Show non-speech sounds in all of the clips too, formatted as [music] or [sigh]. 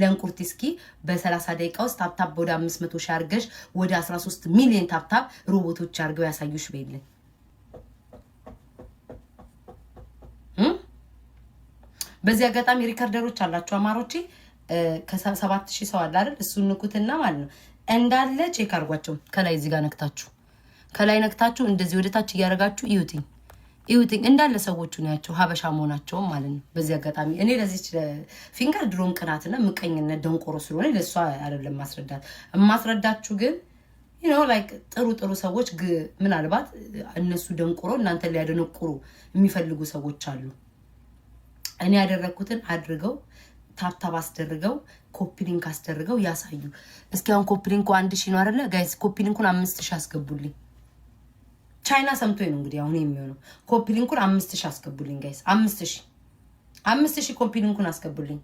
ለንቁርት እስኪ በ30 ደቂቃ ውስጥ ታፕታፕ ወደ 500 ሺህ አርገሽ ወደ 13 ሚሊዮን ታፕታፕ ሮቦቶች አርገው ያሳዩሽ በይልን። በዚህ አጋጣሚ ሪከርደሮች አላችሁ አማሮቼ፣ ከሰባት ሺህ ሰው አለ አይደል? እሱን ንኩትና ማለት ነው እንዳለ ቼክ አርጓቸው። ከላይ እዚህ ጋር ነክታችሁ ከላይ ነክታችሁ እንደዚህ ወደታች እያደረጋችሁ እዩትኝ። ይሁትኝ እንዳለ ሰዎቹ ናቸው ሀበሻ መሆናቸውም ማለት ነው። በዚህ አጋጣሚ እኔ ለዚች ፊንገር ድሮም ቅናትና ምቀኝነት ደንቆሮ ስለሆነ ለእሷ አይደለም ማስረዳት የማስረዳችሁ ግን ነው ላይክ ጥሩ ጥሩ ሰዎች ምናልባት እነሱ ደንቆሮ እናንተ ሊያደነቁሩ የሚፈልጉ ሰዎች አሉ። እኔ ያደረግኩትን አድርገው ታብታብ አስደርገው ኮፒሊንክ አስደርገው ያሳዩ። እስኪ አሁን ኮፒሊንኩ አንድ ሺ ነው አይደለ ጋይስ? ኮፒሊንኩን አምስት ሺ አስገቡልኝ። ቻይና ሰምቶ ነው እንግዲህ አሁን የሚሆነው። ኮፒ ሊንኩን አምስት ሺህ አስገቡልኝ ጋይስ፣ አምስት ሺህ አምስት ሺህ ኮፒ ሊንኩን አስገቡልኝ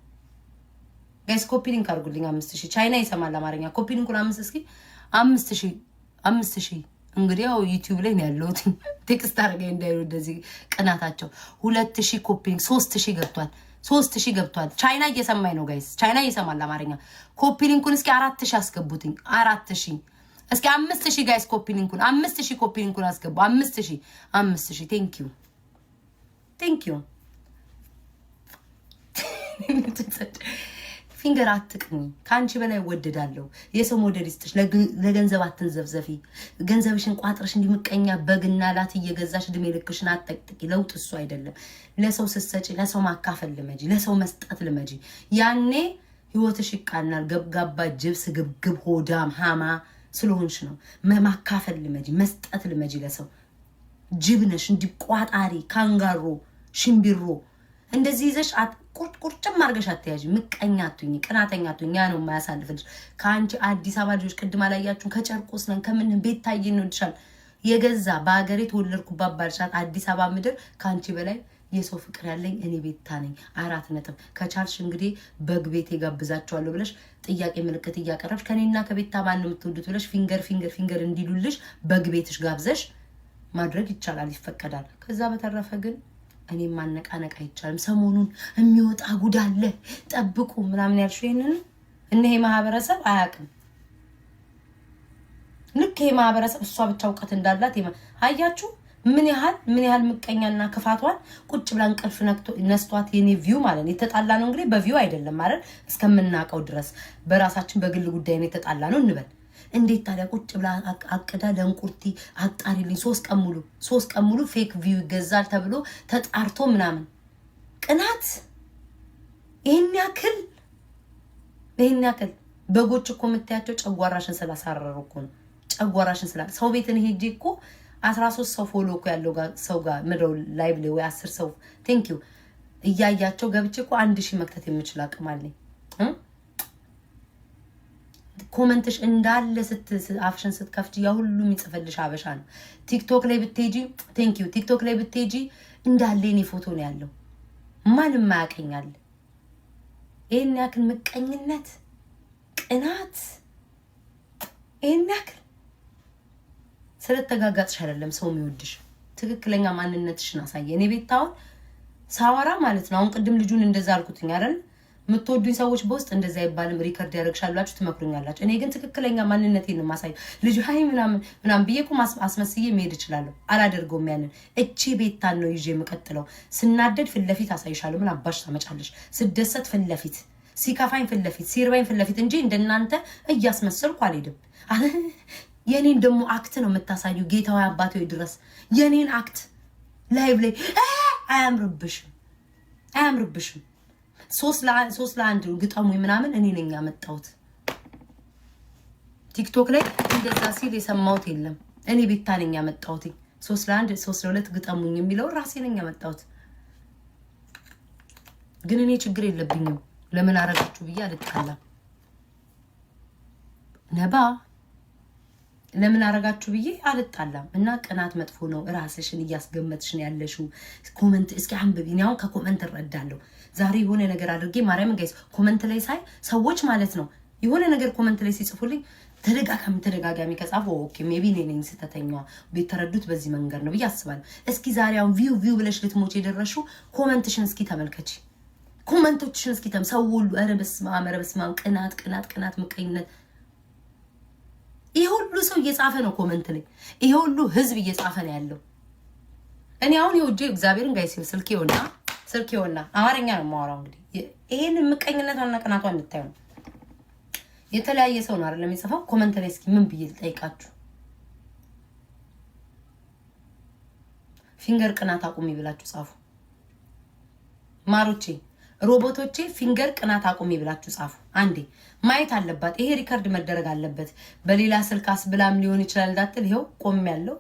ጋይስ፣ ኮፒ ሊንክ አድርጉልኝ አምስት ሺህ ቻይና ይሰማል አማርኛ። ኮፒ ሊንኩን አምስት እስኪ አምስት ሺህ አምስት ሺህ እንግዲህ ያው ዩቲዩብ ላይ ነው ያለሁት። [laughs] ቴክስት አድርገኝ እንዳይሉ እንደዚህ ቅናታቸው። ሁለት ሺህ ኮፒ ሊንክ ሶስት ሺህ ገብቷል ሶስት ሺህ ገብቷል። ቻይና እየሰማኝ ነው ጋይስ፣ ቻይና እየሰማል አማርኛ። ኮፒ ሊንኩን እስኪ አራት ሺህ አስገቡትኝ አራት ሺህ እስኪ አምስት ሺህ ጋይስ ኮፒ ሊንኩን አምስት ሺህ ኮፒ ሊንኩን አስገቡ። አምስት ሺህ አምስት ሺህ ቴንክ ዩ ቴንክ ዩ ፊንገር አትቅሚ። ከአንቺ በላይ ወደዳለሁ። የሰው መውደድ ይስጥሽ። ለገንዘብ አትንዘብዘፊ። ገንዘብሽን ቋጥረሽ እንዲምቀኛ በግና ላት እየገዛሽ እድሜ ልክሽን አጠቅጥቂ። ለውጥ እሱ አይደለም። ለሰው ስትሰጪ፣ ለሰው ማካፈል ልመጂ፣ ለሰው መስጠት ልመጂ። ያኔ ህይወትሽ ይቃናል። ገብጋባ፣ ጅብስ፣ ግብግብ፣ ሆዳም፣ ሃማ ስለሆንሽ ነው። ማካፈል ልመጂ፣ መስጠት ልመጂ ለሰው። ጅብነሽ እንዲ ቋጣሪ፣ ካንጋሮ፣ ሽምቢሮ እንደዚህ ይዘሽ ቁርጭም አድርገሽ አትያዥ። ምቀኛ አትሁኝ፣ ቅናተኛ አትሁኝ። ያ ነው የማያሳልፍልሽ። ከአንቺ አዲስ አበባ ልጆች ቅድም አላያችሁም? ከጨርቆስ ነን ከምንም ቤት ታየ እንወድሻል የገዛ በሀገሬ ተወለድኩባት ባልሻት አዲስ አበባ ምድር ከአንቺ በላይ የሰው ፍቅር ያለኝ እኔ ቤታ ነኝ። አራት ነጥብ። ከቻልሽ እንግዲህ በግ ቤት ጋብዛቸዋለሁ ብለሽ ጥያቄ ምልክት እያቀረብሽ ከኔና ከቤታ ማን የምትወዱት ብለሽ ፊንገር ፊንገር ፊንገር እንዲሉልሽ በግ ቤትሽ ጋብዘሽ ማድረግ ይቻላል፣ ይፈቀዳል። ከዛ በተረፈ ግን እኔ ማነቃነቅ አይቻልም። ሰሞኑን የሚወጣ ጉድ አለ ጠብቁ ምናምን ያልሽው ይህንን እነሄ ማህበረሰብ አያውቅም። ልክ ይሄ ማህበረሰብ እሷ ብቻ እውቀት እንዳላት አያችሁ። ምን ያህል ምን ያህል ምቀኛና ክፋቷን ቁጭ ብላ እንቅልፍ ነስቷት የኔ ቪው ማለት ነው። የተጣላ ነው እንግዲህ በቪው አይደለም ማለት እስከምናውቀው ድረስ በራሳችን በግል ጉዳይ ነው የተጣላ ነው እንበል። እንዴት ታዲያ ቁጭ ብላ አቅዳ ለእንቁርቲ አጣሪልኝ፣ ሶስት ቀን ሙሉ ሶስት ቀን ሙሉ ፌክ ቪው ይገዛል ተብሎ ተጣርቶ ምናምን ቅናት ይህን ያክል ይህን ያክል በጎች እኮ የምታያቸው ጨጓራሽን ስላሳረሩ እኮ ነው። ጨጓራሽን ስላ ሰው ቤትን ሄጄ እኮ አስራ ሶስት ሰው ፎሎ እኮ ያለው ሰው ጋር ምድረው ላይቭ ላይ ወይ አስር ሰው ቴንክ ዩ እያያቸው ገብቼ እኮ አንድ ሺህ መክተት የምችል አቅም አለኝ። ኮመንትሽ እንዳለ አፍሽን ስትከፍች ያ ሁሉ የሚጽፈልሽ አበሻ ነው። ቲክቶክ ላይ ብትሄጂ ቴንክ ዩ ቲክቶክ ላይ ብትሄጂ እንዳለ የኔ ፎቶ ነው ያለው። ማንም አያቀኛል። ይህን ያክል ምቀኝነት፣ ቅናት ይህን ያክል ስለተጋጋጥሽ አይደለም ሰው የሚወድሽ ትክክለኛ ማንነትሽን አሳየ። እኔ ቤት አሁን ሳወራ ማለት ነው። አሁን ቅድም ልጁን እንደዛ አልኩትኝ አይደል? የምትወዱኝ ሰዎች በውስጥ እንደዛ አይባልም፣ ሪከርድ ያደርግሻላችሁ፣ ትመክሩኛላችሁ። እኔ ግን ትክክለኛ ማንነቴን ነው የማሳየው። ልጁ ሀይ ምናምን ምናምን ብዬ እኮ አስመስዬ መሄድ እችላለሁ። አላደርገውም። ያንን እቺ ቤታን ነው ይዤ የምቀጥለው። ስናደድ ፊት ለፊት አሳይሻለሁ። ምን አባሽ ታመጫለሽ? ስደሰት ፊት ሲከፋኝ ፊት ሲርባኝ ሲርበኝ እንጂ እንደናንተ እያስመሰልኩ አልሄድም። የኔን ደግሞ አክት ነው የምታሳዩ። ጌታዊ አባቴ ድረስ የኔን አክት ላይቭ ላይ አያምርብሽም፣ አያምርብሽም። ሶስት ለአንድ ግጠሙ ምናምን እኔ ነኝ ያመጣሁት። ቲክቶክ ላይ እንደዛ ሲል የሰማሁት የለም። እኔ ቤታ ነኝ ያመጣሁት። ሶስት ለአንድ ሶስት ለሁለት ግጠሙኝ የሚለውን ራሴ ነኝ ያመጣሁት። ግን እኔ ችግር የለብኝም። ለምን አረጋችሁ ብዬ አልጣላም። ነባ ለምን አረጋችሁ ብዬ አልጣላም። እና ቅናት መጥፎ ነው። ራስሽን እያስገመትሽ ያለሹ ኮመንት እስኪ አንብቢ። እኔ አሁን ከኮመንት እረዳለሁ። ዛሬ የሆነ ነገር አድርጌ ማርያምን ጋይስ ኮመንት ላይ ሳይ ሰዎች ማለት ነው የሆነ ነገር ኮመንት ላይ ሲጽፉልኝ ተደጋጋሚ ተደጋጋሚ ከጻፉ ኦኬ ሜቢ እኔ ነኝ ስህተተኛዋ የተረዱት በዚህ መንገድ ነው ብዬ አስባለሁ። እስኪ ዛሬ አሁን ቪው ቪው ብለሽ ልትሞች የደረሹ ኮመንትሽን እስኪ ተመልከች። ኮመንቶችሽን እስኪ ሰው ሁሉ ረበስማ ረበስማ ቅናት ቅናት ቅናት ምቀኝነት ይሄ ሁሉ ሰው እየጻፈ ነው ኮመንት ላይ፣ ይሄ ሁሉ ህዝብ እየጻፈ ነው ያለው። እኔ አሁን የውጄ እግዚአብሔርን ጋይ ሲል ስልክ ይሆና ስልክ ይሆና አማርኛ ነው የማወራው። እንግዲህ ይሄን ምቀኝነት ዋና ቅናቷ እንታዩ ነው። የተለያየ ሰው ነው አይደለም የሚጽፈው ኮመንት ላይ። እስኪ ምን ብዬ ልጠይቃችሁ? ፊንገር ቅናት አቁሚ ብላችሁ ጻፉ ማሮቼ። ሮቦቶቼ ፊንገር ቅናት አቁሚ ብላችሁ ጻፉ። አንዴ ማየት አለባት። ይሄ ሪከርድ መደረግ አለበት። በሌላ ስልክ አስብላም ሊሆን ይችላል እንዳትል ይኸው ቆም ያለው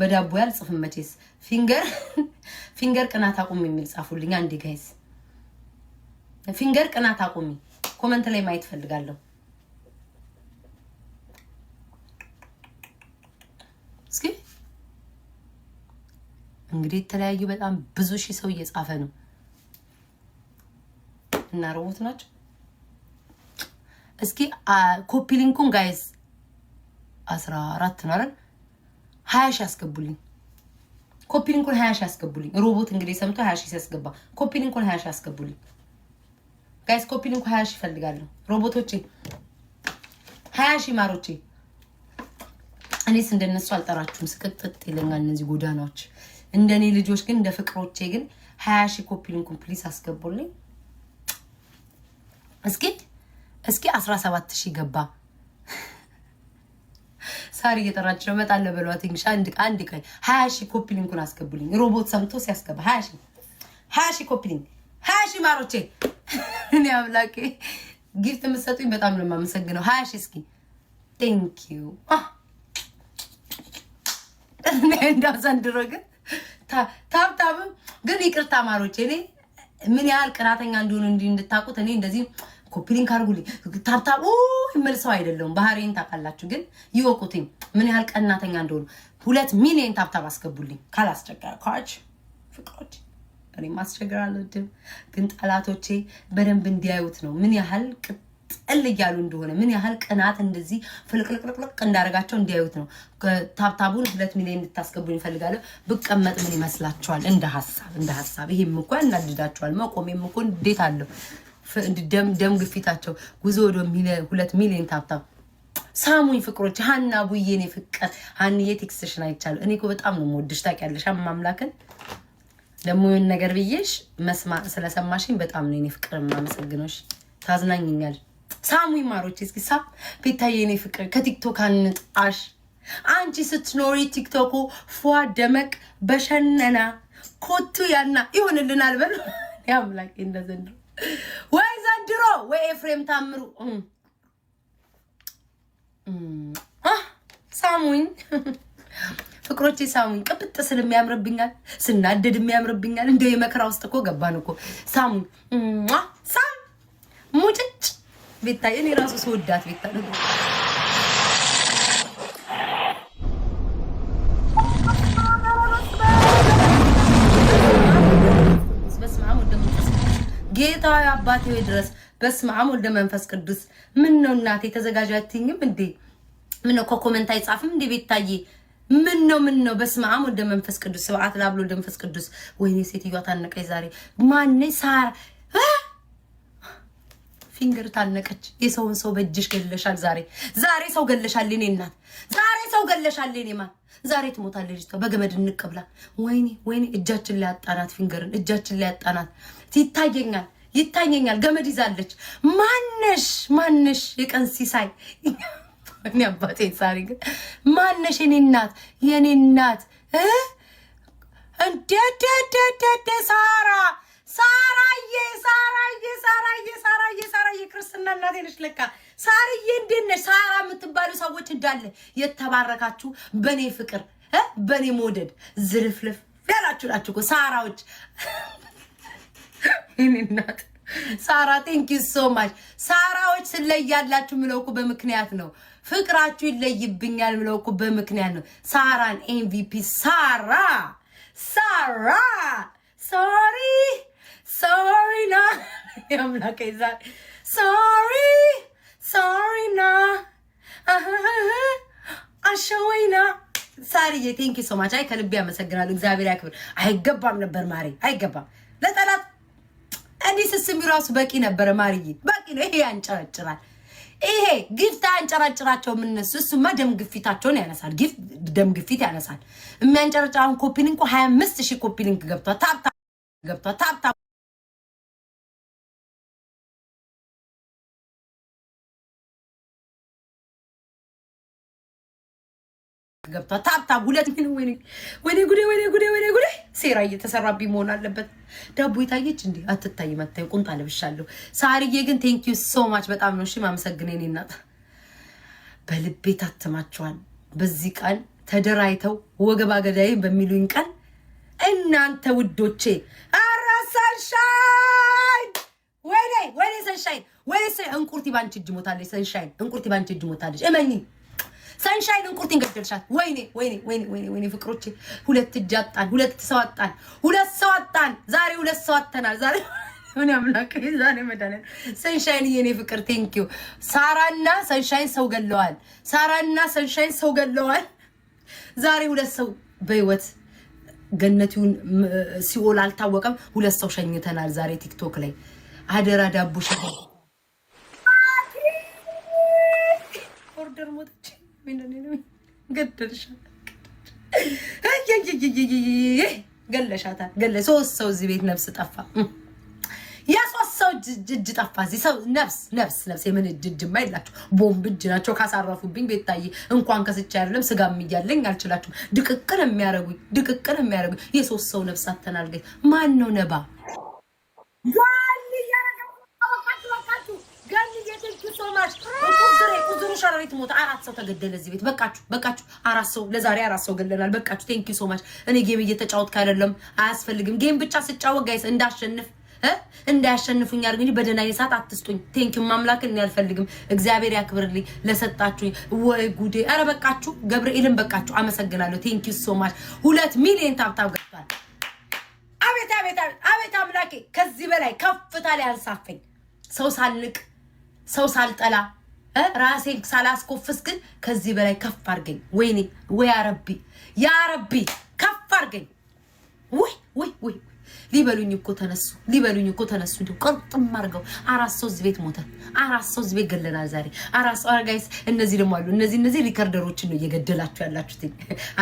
በዳቦ ያልጽፍም መቼስ። ፊንገር [laughs] ፊንገር ቅናት አቁሚ የሚል ጻፉልኝ አንዴ ጋይስ። ፊንገር ቅናት አቁሚ ኮመንት ላይ ማየት ፈልጋለሁ። እስኪ እንግዲህ የተለያዩ በጣም ብዙ ሺህ ሰው እየጻፈ ነው። እና ሮቦት ናቸው። እስኪ ኮፒሊንኩን ጋይዝ አስራ አራት ነው አይደል? ሀያ ሺህ አስገቡልኝ። ኮፒሊንኩን ሀያ ሺህ አስገቡልኝ። ሮቦት እንግዲህ ሰምቶ ሀያ ሺህ ሲያስገባ ኮፒሊንኩን ሀያ ሺህ አስገቡልኝ ጋይስ። ኮፒሊንኩ ሀያ ሺህ ይፈልጋለሁ። ሮቦቶቼ ሀያ ሺህ ማሮቼ። እኔስ እንደነሱ አልጠራችሁም። ስቅጥጥ ይለኛል እነዚህ ጎዳናዎች። እንደኔ ልጆች ግን እንደ ፍቅሮቼ ግን ሀያ ሺህ ኮፒሊንኩን ፕሊስ አስገቡልኝ። እስኪ እስኪ 17 ሺህ ገባ። ሳሪ እየጠራች ነው። መጣለ በሏትኝ። አንድ አንድ ቀን 20 ሺህ ኮፒ ሊንኩን አስገቡልኝ። ሮቦት ሰምቶ ሲያስገባ 20 ሺህ 20 ሺህ ኮፒ ሊንክ 20 ሺህ ማሮቼ፣ እኔ አምላኬ ጊፍት የምትሰጡኝ በጣም ነው የማመሰግነው። 20 ሺህ እስኪ ቴንክ ዩ። እንዳው ዘንድሮ ግን ታብታብም ግን ይቅርታ ማሮቼ እኔ ምን ያህል ቅናተኛ እንደሆነ እንዲ እንድታቁት እኔ እንደዚህ ኮፒሊንክ አድርጉልኝ ታብታቡ ይመልሰው አይደለሁም። ባህሬን ታውቃላችሁ፣ ግን ይወቁትኝ ምን ያህል ቀናተኛ እንደሆኑ። ሁለት ሚሊዮን ታብታብ አስገቡልኝ ካላስቸገረ ካች ፍቃድ እኔ ማስቸገር አልወድም፣ ግን ጠላቶቼ በደንብ እንዲያዩት ነው ምን ያህል ጥል እያሉ እንደሆነ ምን ያህል ቅናት እንደዚህ ፍልቅልቅልቅልቅ እንዳደረጋቸው እንዲያዩት ነው። ታብታቡን ሁለት ሚሊዮን እንድታስገቡኝ እፈልጋለሁ። ብቀመጥ ምን ይመስላችኋል? እንደ ሀሳብ እንደ ሀሳብ ይሄም እኮ ያናድዳችኋል። መቆሜም እኮ እንዴት አለው ደም ግፊታቸው ጉዞ ወደ ሁለት ሚሊዮን ታብታብ ሳሙኝ ፍቅሮች ሀና ቡዬ እኔ ፍቅር ሀንዬ ቴክስትሽን አይቻሉ እኔ እኮ በጣም ነው የምወድሽ ታውቂያለሽ። አማምላክን ደግሞ ይሁን ነገር ብዬሽ መስማ ስለሰማሽኝ በጣም ነው እኔ ፍቅር የማመሰግነሽ ታዝናኝኛል። ሳሙ ይማሮች እስኪ ሳም ቤታዬ፣ የኔ ፍቅር ከቲክቶክ አንጣሽ። አንቺ ስትኖሪ ቲክቶኩ ፏ ደመቅ በሸነና ኮቱ ያና ይሆንልናል። በል ያምላክ እንደ ዘንድሮ ወይ ዘንድሮ ወይ ኤፍሬም ታምሩ ሳሙኝ ፍቅሮቼ ሳሙኝ። ቅብጥ ስልም የሚያምርብኛል፣ ስናደድ የሚያምርብኛል። እንደው የመከራ ውስጥ እኮ ገባን እኮ ሳሙኝ ቤታ እኔ ራሱ ስወዳት ቤታ ነው። ጌታ አባቴ ወይ ድረስ በስመ አብ ወልደ መንፈስ ቅዱስ። ምን ነው እናቴ ተዘጋጃትኝም እንዴ? ምን ነው ኮኮመንት አይጻፍም እንዴ ቤታዬ? ምን ነው ምን ነው? በስመ አብ ወልደ መንፈስ ቅዱስ። ስብዓት ለአብ ወልደ መንፈስ ቅዱስ። ወይኔ ሴትዮዋ ታነቀኝ ዛሬ። ማነኝ ሳራ ፊንገር ታነቀች። የሰውን ሰው በእጅሽ ገለሻል። ዛሬ ዛሬ ሰው ገለሻል። እኔ እናት ዛሬ ሰው ገለሻል። እኔ ማ ዛሬ ትሞታለች በገመድ እንቀብላ። ወይኔ ወይኔ፣ እጃችን ላይ አጣናት። ፊንገርን እጃችን ላይ አጣናት። ይታየኛል ይታየኛል። ገመድ ይዛለች። ማነሽ ማነሽ፣ የቀን ሲሳይ እኔ አባቴ ሳሪ ግን ማነሽ? የኔ እናት የኔ እናት እንዴ ሳራ ሳራዬ ሳራዬ ሳራዬ ሳራዬ ሳራዬ ክርስትና እናቴ ነሽ ለካ ሳርዬ፣ እንዴት ነሽ? ሳራ የምትባሉ ሰዎች እንዳለ የተባረካችሁ በእኔ ፍቅር በእኔ መውደድ ዝልፍልፍ ያላችሁ ናችሁ እኮ ሳራዎች። ሳራ ቴንክ ዩ ሶ ማች ሳራዎች። ስለያላችሁ ምለው እኮ በምክንያት ነው። ፍቅራችሁ ይለይብኛል ምለው እኮ በምክንያት ነው። ሳራን ኤምቪፒ ሳራ ሳራ አምላክ ይዛ ሶሪ ሶሪና አሸወይና ሳሪዬ ቴንኪ ሶ ማች። አይ ከልቤ አመሰግናለሁ። እግዚአብሔር ያክብር። አይገባም ነበር ማሪ፣ አይገባም ለጠላት እንዲህ ስስሚ ራሱ በቂ ነበረ ማርዬ፣ በቂ ነው። ይሄ ያንጨረጭራል። ይሄ ግፍት ያንጨረጭራቸው የምነሱ እሱማ ደም ግፊታቸውን ያነሳል። ግፍ ደም ግፊት ያነሳል። የሚያንጨረጭራውን ኮፒሊንግ እኮ ሀያ አምስት ሺህ ኮፒሊንግ ገብቷል። ታብታ ገብቷል። ታብታ ገብቷል። ታብታብ ሁለት ምን ወይኔ ወይኔ ጉዴ ወይኔ ጉዴ ወይኔ ጉዴ ሴራ እየተሰራብኝ መሆን አለበት። ዳቦ የታየች እንዴ? አትታይ መታየ ቁንጣ ለብሻለሁ። ሳርዬ ግን ቴንክ ዩ ሶ ማች በጣም ነው። እሺ ማመሰግነ ኔ እናት በልቤ ታትማችኋል። በዚህ ቀን ተደራይተው ወገባ ገዳይን በሚሉኝ ቀን እናንተ ውዶቼ አራ ወይኔ ወይኔ ሰንሻይን ወይኔ እንቁርቲ ባንቺ እጅ ሞታለች። ሰንሻይን እንቁርቲ ባንቺ እጅ ሞታለች። እመኚ ሰንሻይን እንቁርት እንገደልሻት። ወይኔ ወይኔ ወይኔ ወይኔ ወይኔ ፍቅሮቼ፣ ሁለት እጅ አጣን፣ ሁለት ሰው አጣን፣ ሁለት ሰው አጣን። ዛሬ ሁለት ሰው አጥተናል። ዛሬ ምን አምላክ ዛሬ መዳለን። ሰንሻይን የኔ ፍቅር ቴንክ ዩ። ሳራና ሰንሻይን ሰው ገለዋል። ሳራና ሰንሻይን ሰው ገለዋል። ዛሬ ሁለት ሰው በህይወት ገነቲውን ሲኦል አልታወቀም። ሁለት ሰው ሸኝተናል ዛሬ ቲክቶክ ላይ አደራ ዳቦ ሸ ኦርደር ሞተች ገለሻታል። ገለ ሶስት ሰው እዚህ ቤት ነፍስ ጠፋ። የሶስት ሰው እጅ ጠፋ። እዚህ ሰው ነፍስ ነፍስ ነፍስ የምን እጅ እጅማ የላቸው ቦምብ እጅ ናቸው። ካሳረፉብኝ ቤታዬ እንኳን ከስቻ አይደለም ስጋም እያለኝ አልችላችሁም። ድቅቅን የሚያደርጉኝ ድቅቅን የሚያደርጉኝ የሶስት ሰው ነፍስ አተናልገኝ ማን ነው ነባ ጋል እያረገ ቃችሁ ጋል እየትልክ ሶማች ሰራዊት ሞተ። አራት ሰው ተገደለ እዚህ ቤት። በቃችሁ፣ በቃችሁ። አራት ሰው ለዛሬ አራት ሰው ገለናል። በቃችሁ። ቴንክ ዩ ሶ ማች። እኔ ጌም እየተጫወትኩ አይደለም፣ አያስፈልግም። ጌም ብቻ ስጫወት ጋይስ እንዳሸንፍ እንዳያሸንፉኝ አድርግ እንጂ በደህና ሰዓት አትስጡኝ። ቴንክ ዩ ማምላክ እኔ አልፈልግም። እግዚአብሔር ያክብርልኝ ለሰጣችሁኝ። ወይ ጉዴ! አረ በቃችሁ፣ ገብርኤልን በቃችሁ። አመሰግናለሁ። ቴንክ ዩ ሶ ማች። ሁለት ሚሊዮን ታብታብ ገብቷል። አቤት አቤት አቤት አምላኬ ከዚህ በላይ ከፍታ ላይ አንሳፈኝ። ሰው ሳልንቅ ሰው ሳልጠላ ራሴን ሳላስኮፍስ ግን ከዚህ በላይ ከፍ አድርገኝ። ወይኔ ወይ አረቢ፣ ያ ረቢ ከፍ አርገኝ ውይ ውይ ውይ ሊበሉኝ እኮ ተነሱ፣ ሊበሉኝ እኮ ተነሱ። እንዲ ቅርጥም አድርገው አራት ሰው እዚህ ቤት ሞተ፣ አራት ሰው እዚህ ቤት ገለናል ዛሬ አራት ሰው አርጋይስ። እነዚህ ደግሞ አሉ እነዚህ እነዚህ ሪከርደሮችን ነው እየገደላችሁ ያላችሁት።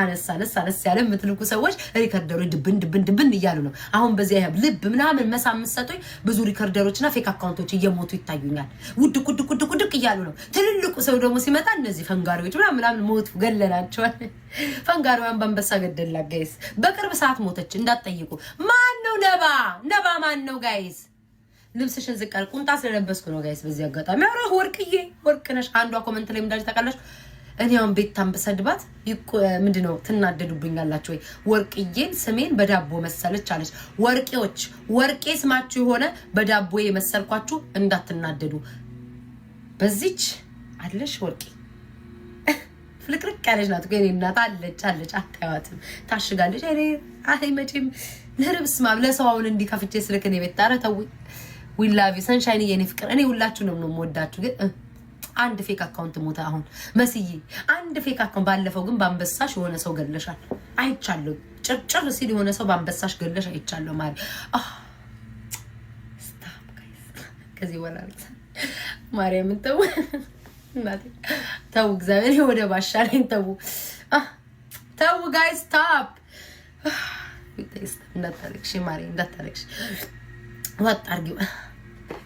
አነስ አነስ አነስ ያለ የምትልኩ ሰዎች ሪከርደሮች ድብን ድብን ድብን እያሉ ነው አሁን። በዚያ ያህል ልብ ምናምን መሳ የምትሰጡኝ ብዙ ሪከርደሮችና ፌክ አካውንቶች እየሞቱ ይታዩኛል። ውድቅ ውድቅ ውድቅ ውድቅ እያሉ ነው። ትልልቁ ሰው ደግሞ ሲመጣ እነዚህ ፈንጋሪዎች ምናምን ሞቱ፣ ገለናቸዋል። ፈንጋሪዋን በአንበሳ ገደላ ጋይስ። በቅርብ ሰዓት ሞተች እንዳትጠይቁ ማ ነባ ነባ ማን ነው ጋይስ? ልብስሽን ዝቀል ቁምጣ ስለለበስኩ ነው ጋይስ። በዚህ አጋጣሚ ኧረ ወርቅዬ ወርቅ ነሽ። አንዷ ኮመንት ላይ ምዳጅ ታውቃለች። እኔ አሁን ቤታን ብሰድባት ምንድን ነው ትናደዱብኛላችሁ ወይ? ወርቅዬን ስሜን በዳቦ መሰለች አለች። ወርቄዎች ወርቄ ስማችሁ የሆነ በዳቦ የመሰልኳችሁ እንዳትናደዱ። በዚች አለሽ ወርቄ ፍልቅልቅ ያለች ናት። ግን እናት አለች አለች አታያዋትም፣ ታሽጋለች። እኔ አይ መቼም ለርብስ ማብ ለሰው አሁን እንዲከፍቼ ስልክ እኔ ቤት ጣረ ተው። ዩ ሰንሻይን የኔ ፍቅር፣ እኔ ሁላችሁ ነው ነው የምወዳችሁ። ግን አንድ ፌክ አካውንት ሞታ አሁን መስዬ አንድ ፌክ አካውንት ባለፈው ግን በአንበሳሽ የሆነ ሰው ገለሻል አይቻለሁ። ጭርጭር ሲል የሆነ ሰው በአንበሳሽ ገለሽ አይቻለሁ። ማሪ ከዚህ በኋላ ማርያምን ተው። ተው እግዚአብሔር ወደ ባሻለኝ ተው ተው ጋይ ስታፕ [sighs] እንዳታረግሽ ማሪ እንዳታረግሽ ወጥ አድርጊው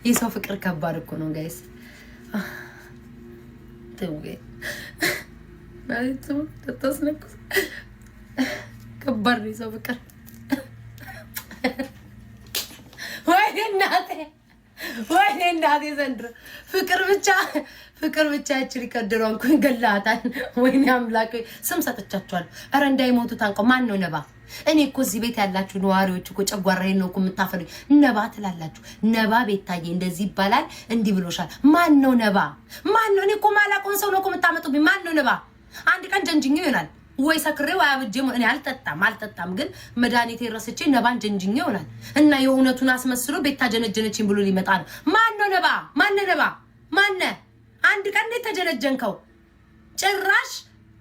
ይህ ሰው ፍቅር ከባድ እኮ ነው ጋይስ ተው ከባድ ነው የሰው ፍቅር [laughs] ወይ እናቴ ወይኔ እናቴ ዘንድሮ ፍቅር ብቻ ፍቅር ብቻ ያችል ይከድረው እንኳን ገላታል። ወይኔ አምላክ ስም ሰጥቻቸዋለሁ። ኧረ እንዳይሞቱ ታንቀው ማን ነው ነባ? እኔ እኮ እዚህ ቤት ያላችሁ ነዋሪዎች እኮ ጨጓራዬ ነው እኮ የምታፈሉኝ። ነባ ትላላችሁ። ነባ ቤታዬ እንደዚህ ይባላል፣ እንዲህ ብሎሻል። ማን ነው ነባ? ማን ነው? እኔ እኮ ማላውቀውን ሰው ነው እኮ የምታመጡብኝ። ማን ነው ነባ? አንድ ቀን ጀንጅኝ ይሆናል። ወይ ሰክሬ ወይ አብጄ እኔ አልጠጣም አልጠጣም፣ ግን መድኃኒቴ ረስቼ ነባን ጀንጅኝ ይሆናል እና የእውነቱን አስመስሎ ቤታ ጀነጀነችኝ ብሎ ሊመጣ ነው። ማን ነው ነባ? ማነ ነባ? ማነ አንድ ቀን እንዴት ተጀነጀንከው? ጭራሽ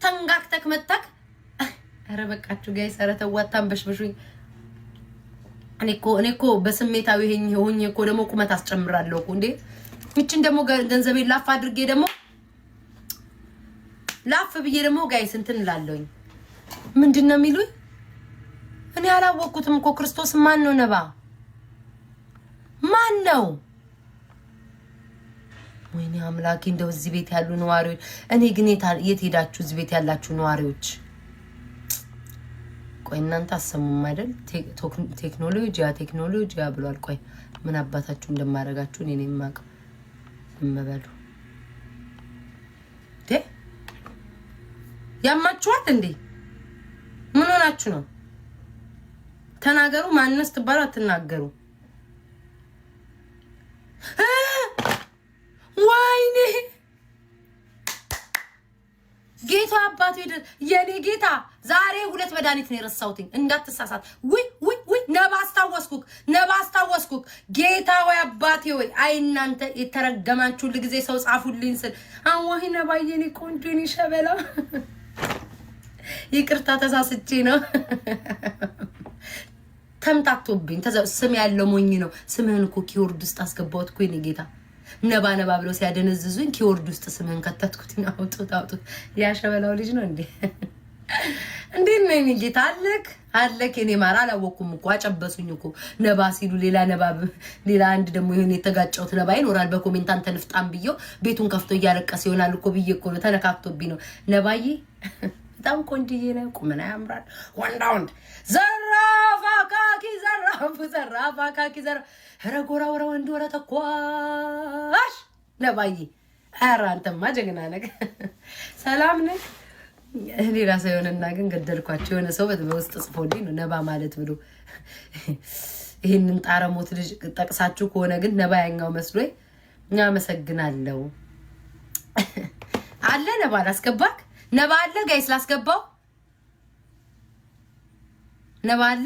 ተንጋክተክ መተክ። ኧረ በቃችሁ ጋይ ኧረ ተዋታን በሽበሹኝ። እኔ እኮ እኔ እኮ በስሜታዊ ሆኜ እኮ ደግሞ ቁመት አስጨምራለሁ እኮ እንዴ። ይችን ደግሞ ገንዘቤን ላፍ አድርጌ ደግሞ ላፍ ብዬ ደግሞ ጋይስ እንትን እላለሁኝ። ምንድን ነው የሚሉኝ? እኔ አላወቅኩትም እኮ ክርስቶስ ማን ነው? ነባ ማን ነው? ወይኔ አምላኬ፣ እንደው እዚህ ቤት ያሉ ነዋሪዎች፣ እኔ ግን የት ሄዳችሁ እዚህ ቤት ያላችሁ ነዋሪዎች? ቆይ እናንተ አሰሙም አይደል? ቴክኖሎጂ ያ ቴክኖሎጂ ያ ብሏል። ቆይ ምን አባታችሁ እንደማደርጋችሁ እኔ የማውቀው። ዝም በሉ። ያማችኋት እንዴ? ምን ሆናችሁ ነው? ተናገሩ። ማንስ ትባሉ አትናገሩ። ወይኔ ጌታ አባቱ የኔ ጌታ ዛሬ ሁለት መድኃኒት ነው የረሳሁትኝ። እንዳትሳሳት። ውይ ውይ ውይ፣ ነባ አስታወስኩክ፣ ነባ አስታወስኩክ። ጌታ ወይ አባቴ ወይ፣ አይ እናንተ የተረገማችሁ ልጊዜ ሰው ጻፉልኝ ስል አዋሂ ነባ የኔ ቆንጆ የኔ ሸበላ ይቅርታ ተሳስቼ ነው። ተምታቶብኝ ስም ያለው ሞኝ ነው። ስምህን እኮ ኪወርድ ውስጥ አስገባሁት እኮ የእኔ ጌታ ነባ ነባ ብለው ሲያደነዝዙኝ ኪወርድ ውስጥ ስምህን ከተትኩት። አውጡት አውጡት። ያሸበላው ልጅ ነው እንዴ? እንዴት ነው የእኔ ጌታ? አለክ አለክ የእኔ ማር። አላወቅኩም እኮ አጨበሱኝ እኮ ነባ ሲሉ ሌላ ነባ፣ ሌላ አንድ ደግሞ የሆነ የተጋጨሁት ነባ ይኖራል። በኮሜንት አንተ ንፍጣም ብየው ቤቱን ከፍቶ እያለቀሰ ይሆናል እኮ ብዬ እኮ ነው። ተነካክቶብኝ ነው ነባዬ በጣም ቆንጅዬ ነው። ቁምና ያምራል። ወንዳ ወንድ ዘራፍ አካኪ ዘራፍ ዘራፍ አካኪ ዘራፍ ኧረ ጎራ ወረ ወንድ ወረ ተኳሽ ነባዬ ኧረ አንተማ ጀግና ነህ። ሰላም ነህ። ሌላ ሰው የሆነና ግን ገደልኳቸው። የሆነ ሰው በውስጥ ጽፎልኝ ነው ነባ ማለት ብሎ ይህንን ጣረሞት ልጅ ጠቅሳችሁ ከሆነ ግን ነባ ያኛው መስሎኝ። አመሰግናለሁ አለ ነባ አላስገባክ ነባ አለ ጋይ ስላስገባው ነባ አለ